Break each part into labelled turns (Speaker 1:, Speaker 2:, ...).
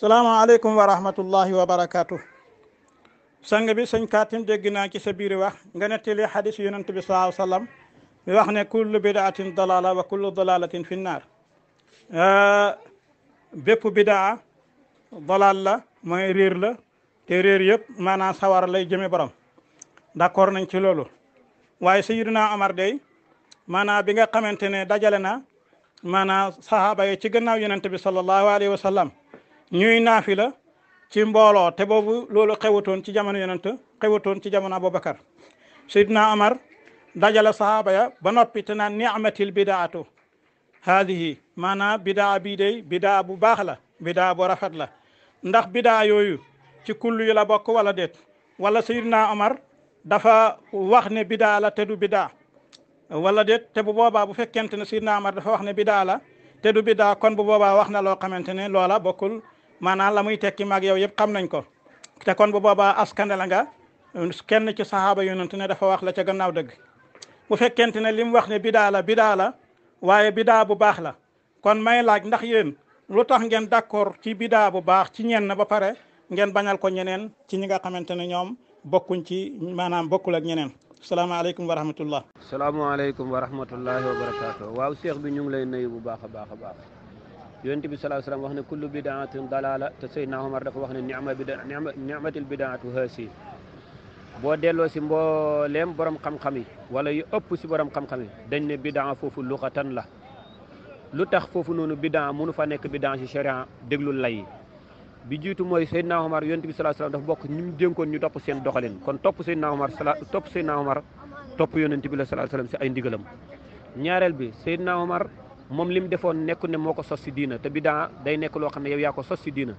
Speaker 1: salaamu aleykum wa rahmatullahi wa barakatuh sang bi sëñ Khatim dégg naa ci sa biir wax nga nettali xadis yonent bi salaahu sallam mi wax ne kullu bidaatin dalala wa kullu dalalatin fi naar bépp bidaa dalal la mooy réer la te réer yëpp maanaam sawar lay jëme borom d'accord nañ ci loolu waaye sayyidina Omar day maanaam bi nga xamante ne dajale na maanaam sahaaba yi ci gannaaw yonent bi sallallahu alayhi wa sallam ñuy la ci mbooloo te boobu loolu xewatoon ci jamono yonent xewatoon ci jamono Abubakar Seydina Amar dajale sahaaba ya ba noppi te naan ni'matil bidaatu haadihi maanaam bidaa bii bidaa bu baax la bidaa bu rafet la ndax bidaa yooyu ci kullu la bokk wala déet wala Seydina Omar dafa wax ne bidaa la te du bidaa wala déet te bu boobaa bu fekkente ne Seydina Omar dafa wax ne bidaa la te du bidaa kon bu boobaa wax na loo xamante ne loola bokkul maanaam la muy tekki mag yow yëpp xam nañ ko te kon bu boobaa askane la nga kenn ci saxaaba yonent ne dafa wax la ca gannaaw dëgg bu fekkente ne li mu wax ne bidaa la bidaa la waaye bidaa bu baax la kon may laaj ndax yéen lu tax ngeen d'accord ci bidaa bu baax ci ñenn ba pare ngeen bañal ko ñeneen ci ñi nga xamante ne ñoom bokkuñ ci
Speaker 2: maanaam bokkul ak ñeneen salaamaaleykum wa rahmatullah salaamaaleykum wa rahmatullahi wa barakaatu waaw cheikh bi ñu lay nuyu bu baax a baax a baax يونت بي صلى الله wax ne kullu bidaatin dalaala te Seydina Omar dafa wax نعمه nicma bida nicmatil bidaatu haasi boo delloo si mbooleem borom xam-xam yi wala yu ëpp si borom xam-xam yi dañ ne bidaa foofu luxatan la lu tax foofu noonu bidaa mënu fa nekk bi jiitu mooy Seydina bi salaam dafa bok ñu mu ñu top seen doxalin kon top sayyidna umar top sayyidna umar top topp bi sallallahu salaa salaam ci ay ndigeelam ñaarel bi sayyidna umar moom li mu defoon nekku ne moo ko sos si diina te bidaa day nekk loo xam ne yow yaa ko sos si diina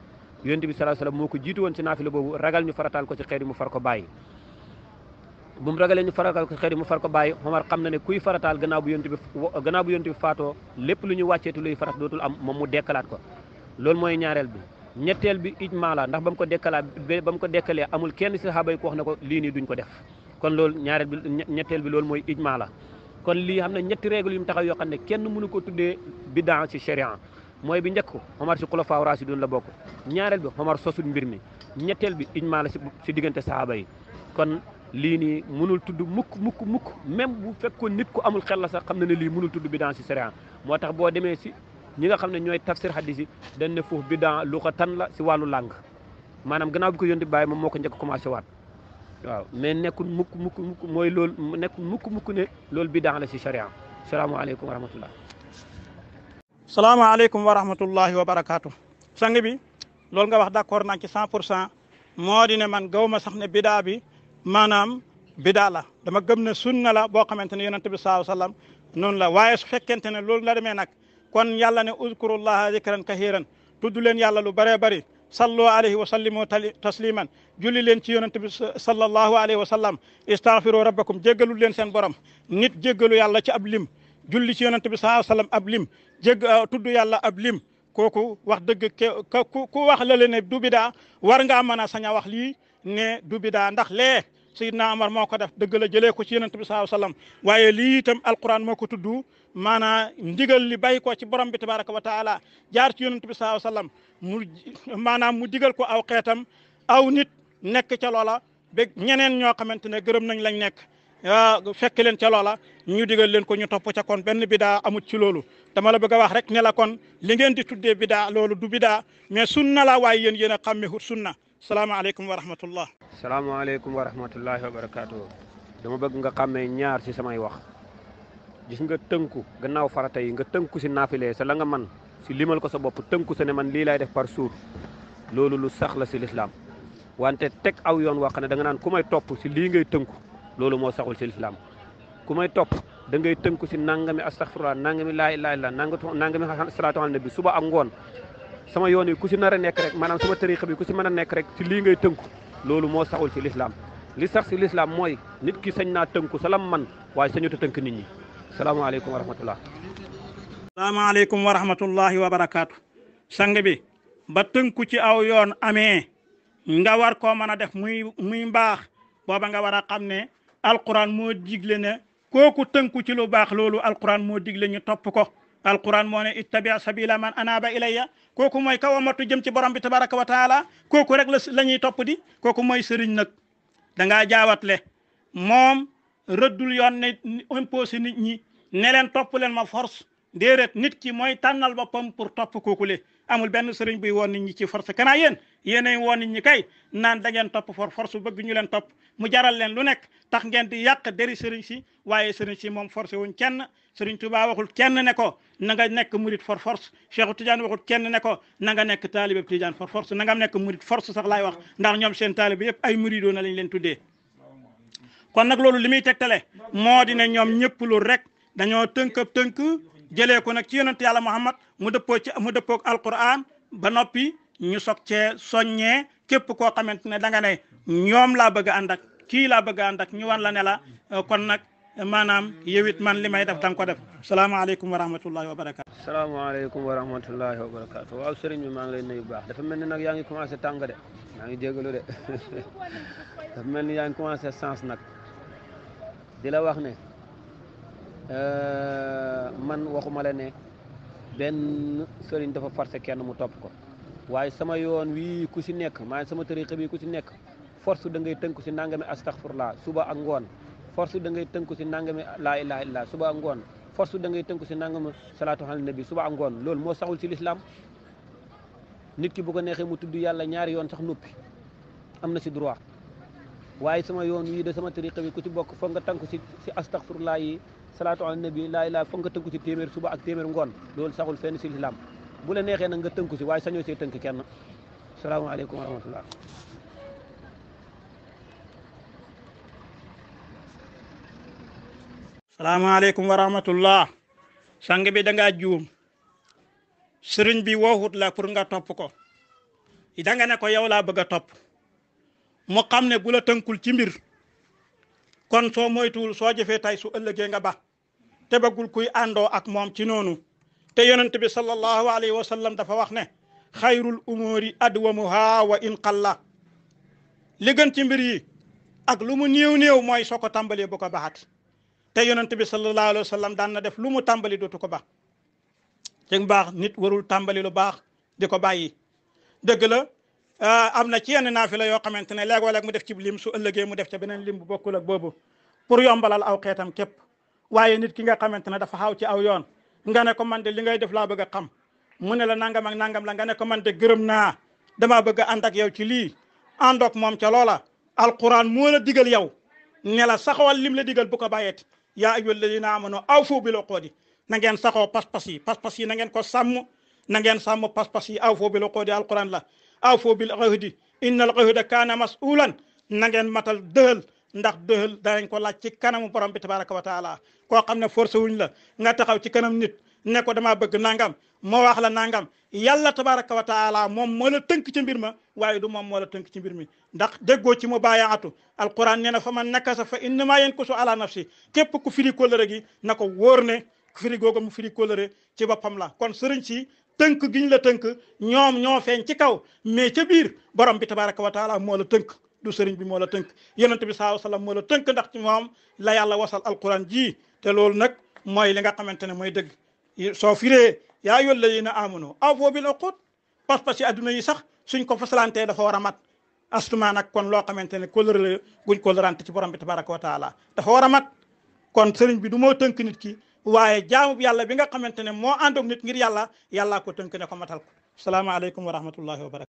Speaker 2: yonent bi sallallahu alayhi wasallam moo ko jiitu woon si naafila boobu ragal ñu farataal ko ci xeer yi mu far ko bàyyi bu mu ragalee ñu farataal ko ci xeer yi mu far ko bàyyi Omar xam na ne kuy farataal gannaaw bu yonent bi gannaaw bu yonent faatoo lépp lu ñu wàcceetu luy farat dootul am moom mu dekkalaat ko loolu mooy ñaareel bi ñetteel bi ijmaa la ndax ba mu ko dekkalaat ba mu ko dekkalee amul kenn sahaaba yi ko wax ne ko lii nii duñ ko def kon loolu ñaareel bi bi loolu mooy ijmaa la kon lii xam ne ñetti règle yu mu taxaw yoo xam ne kenn mënu ko tuddee bidaa ci sharia mooy bi njëkk Omar ci xulafaa raasiduun la bokk ñaareel bi Omar sosul mbir mi ñetteel bi ijmaa la ci diggante sahaaba yi kon lii nii mënul tudd mukk mukk mukk même bu fekkoon nit ku amul xel la sax xam ne ne lii mënul tudd bidaa ci sharia moo tax boo demee si ñi nga xam ne ñooy tafsir hadis yi dañ ne foofu bidaa lu ko tan la si wàllu làng maanaam gannaaw bi ko yonti bàyyi moom moo ko waat waaw mais nekkul mukk mukk mukk mooy loolu nekkul mukk mukk ne loolu bidaa la si sharia salaamaaleykum wa rahmatullah salaamaaleykum wa rahmatullahi wa barakaatu sang bi
Speaker 1: loolu nga wax d'accord naa ci cent pour cent moo di ne man gaw ma sax ne bidaa bi maanaam bidaa la dama gëm ne sunna la boo xamante ne yonente bi saaw sallam noonu la waaye su fekkente ne loolu la demee nag kon yàlla ne uzkurullaha zikran kahiran tudd leen yàlla lu bëree bëri صلوا عليه وسلموا تسليما جولي لين تي يونتبي صلى الله عليه وسلم استغفروا ربكم جيغلو لين سن بروم نيت جيغلو يالا تي ابليم جولي تي يونتبي صلى الله عليه وسلم ابليم جيغ آه، تودو يالا ابليم كوكو واخ دغ كو واخ لا لين دوبيدا وارغا مانا سانيا واخ لي ني دوبيدا نداخ ليه sayidna Omar moo ko def dëgg la jëlee ko ci yonent bi sallallahu alayhi waaye lii itam alquran moo ko tudd maanaa ndigal li bàyyi ko ci borom bi tabaraka wa taala jaar ci yonent bi sallallahu alayhi wasallam mu maanaam mu digal ko aw xeetam aw nit nekk ca loola ba ñeneen ñoo xamante ne gërëm nañ lañ nekk fekk leen ca loola ñu digal leen ko ñu topp ca kon benn bidaa amut ci loolu dama la bëgg wax rek ne kon li ngeen di tuddee bidaa loolu du bidaa mais sunna la waaye yéen yéen a xàmmehut sunna salaamaaleykum wa
Speaker 2: salaamaaleykum wa rahmatullahi wa barakaatu. dama bëgg nga xàmmee ñaar ci samay wax gis nga tënku gannaaw farata yi nga tënku si naafile sa la nga man si limal ko sa bopp tënku sa ne man lii laay def par suur loolu lu sax la ci lislaam wante teg aw yoon wax ne da nga naan ku may topp ci lii ngay tënku loolu moo saxul ci lislaam ku may topp da ngay tënku ci nangami astaghfirullah nangami laay ilaaha illallaah nangami nangami salaatu ala nabi suba ak ngoon sama yoon yi ku ci nar a nekk rek maanaam sama tariixa bi ku ci mën a nekk rek ci lii ngay tënku lolu mo saxul ci l'islam li sax ci l'islam moy nit ki sañ naa salam man way sañu ta teunk nit ñi alaykum wa rahmatullah alaykum wa rahmatullah wa barakatuh sang bi ba teunku
Speaker 1: ci aw yoon amé nga war ko mëna def muy muy mbax boba nga wara xamné ne alquran mo digle ne koku teunku ci lu bax lolu alquran mo digle ñu top ko alquran mo ne ittabia sabila man anaba ilayya kooku mooy kaw a matu jëm ci borom bi tabaraka wa taala kooku rek la la ñuy topp di kooku mooy sëriñ nag dangaa jaawatle moom rëddul yoon ne imposé nit ñi ne leen topp leen ma force déedéet nit ki mooy tànnal boppam pour topp kookule amul benn sëriñ buy woon nit ñi ci force kanaa yéen yéenay woon ñi kay naan da ngeen force bëgg ñu leen topp mu jaral leen lu nekk tax ngeen di yàq deri sëriñ si waaye sëriñ si moom forcé wuñ kenn sëriñ Tuubaa waxul kenn ne ko na nga nekk murit for force Cheikhu Tidiane ne ko na nga nekk taalibe Tidiane for force na nga nekk wax ndax ñoom seen taalibe yëpp ay muridoo na leen tuddee kon nag loolu li muy moo di ne ñoom ñëpp rek dañoo tënk tënk jele ko nak ci yonent yalla muhammad mu deppo ci mu dëppoog alquran ba nopi ñu sok ci soññee kep ko xamantene da nga ne ñom la bëgg a ki la bëgg andak ñu wan la ne la euh, kon nak manam yewit man limay def tang ko def alaykum
Speaker 2: wa rahmatullahi wa assalamu alaykum wa rahmatullahi wa barakatuh wa serigne ma ngi lay nuyu bax dafa melni nak yaangi commencé tang de yaangi de dafa melni yaangi commencé sens nak dila wax ne Eh, man waxuma la ne ben serigne dafa forcé kenn mu top ko waye sama yoon wi ku ci nek ma sama tariqa bi ku ci nek force da ngay teunk ci nangami astaghfirullah suba ak ngone force da ngay teunk ci nangami la ilaha illallah suba ak ngone force da ngay teunk ci nangami salatu ala nabi suba ak ngone lol mo saxul ci l'islam nit ki bu ko nexe mu tuddu yalla ñaar yoon sax nopi amna ci droit waye sama yoon wi de sama tariqa bi ku ci bok fo nga tank si astaghfirullah yi salatu ala nabi la ilaha foog nga tënku ci temer suba ak temer ngon lol saxul fenn ci lislaam bu le neexee nag nga teunku si way sañu ci teunk kenn alaykum wa rahmatullah
Speaker 1: alaykum wa rahmatullah sang bi da nga juum serign bi wooxut la pour nga top ko da nga ne ko yow la bëgg top mo xamne bu la teunkul ci mbir kon soo moytuwul soo jëfee tay su ëllëgee nga ba tebagul kuy àndoo ak moom ci noonu te yonent bi sallallahu alayhi wa sallam dafa wax ne xayrul umuri adwamuha wa in qalla li gën ci mbir yi ak lu mu néew néew mooy soo ko tàmbalee bu ko baxat te yonent bi sallallahu alayhi wa sallam daan na def lu mu tàmbali dootu ko bax ci baax nit warul tàmbali lu baax di ko bàyyi dëgg la amna ci yenn nafila yo xamantene leg léeg mu def ci lim su ëllëgé mu def ci benen lim bu bokul ak bobu pour yombalal aw xétam kep waye nit ki nga xamantene dafa xaw ci aw yoon nga ne ko man de li ngay def la bëgg xam mu ne la nangam ak nangam la nga ne ko man de gërëm na dama bëgg a ànd ak yow ci li ànd ak moom ca loola alquran mo la digal yow ne la saxawal lim la digal bu ko bayet ya ayyul ladina amanu awfu bil uqudi na ngeen saxo pas-pas yi pas-pas yi na ngeen ko sam na ngeen sam pas pas-pas yi awfu bil bi alquran la awfoo bil ahdi innal ahda kaana masulan na ngeen matal dëhël ndax dëhël danañ ko laaj ci kanamu borom bi tabaraka wa taala koo xam force wuñ la nga taxaw ci kanam nit ne ko damaa bëgg nangam moo wax la nangam yàlla tabaraka wa taala moom moo la tënk ci mbir ma waaye du moom moo la tënk ci mbir mi ndax déggoo ci mu alquran nee fa man nakasa fa innama yankusu ala nafsi képp ku firi kóllëre gi na ko wóor firi googu mu firi kóllëre ci boppam la kon sëriñ si tënk giñ la tënk ñoom ñoo feeñ ci kaw mais ca biir borom bi tabaraka wa taala moo la tënk du sëriñ bi moo la tënk yonent bi saaw salaam moo la tënk ndax ci moom la yàlla wasal alquran ji te loolu nag mooy li nga xamante ne mooy dëgg soo firee yaa ayyuha alladina na awfoo bil uqud pas-pas yi adduna yi sax suñ ko fasalantee dafa war a mat astuma nag kon loo xamante ne kóllëre guñ kóllërante ci borom bi tabaraka wa taala dafa mat kon sëriñ bi du moo tënk nit ki waaye jaamu yàlla bi nga xamante ne moo àndoog nit ngir yàlla yàllaa ko tënk ne ko matal ko salaamaaleykum wa rahmatullahi wa barakatu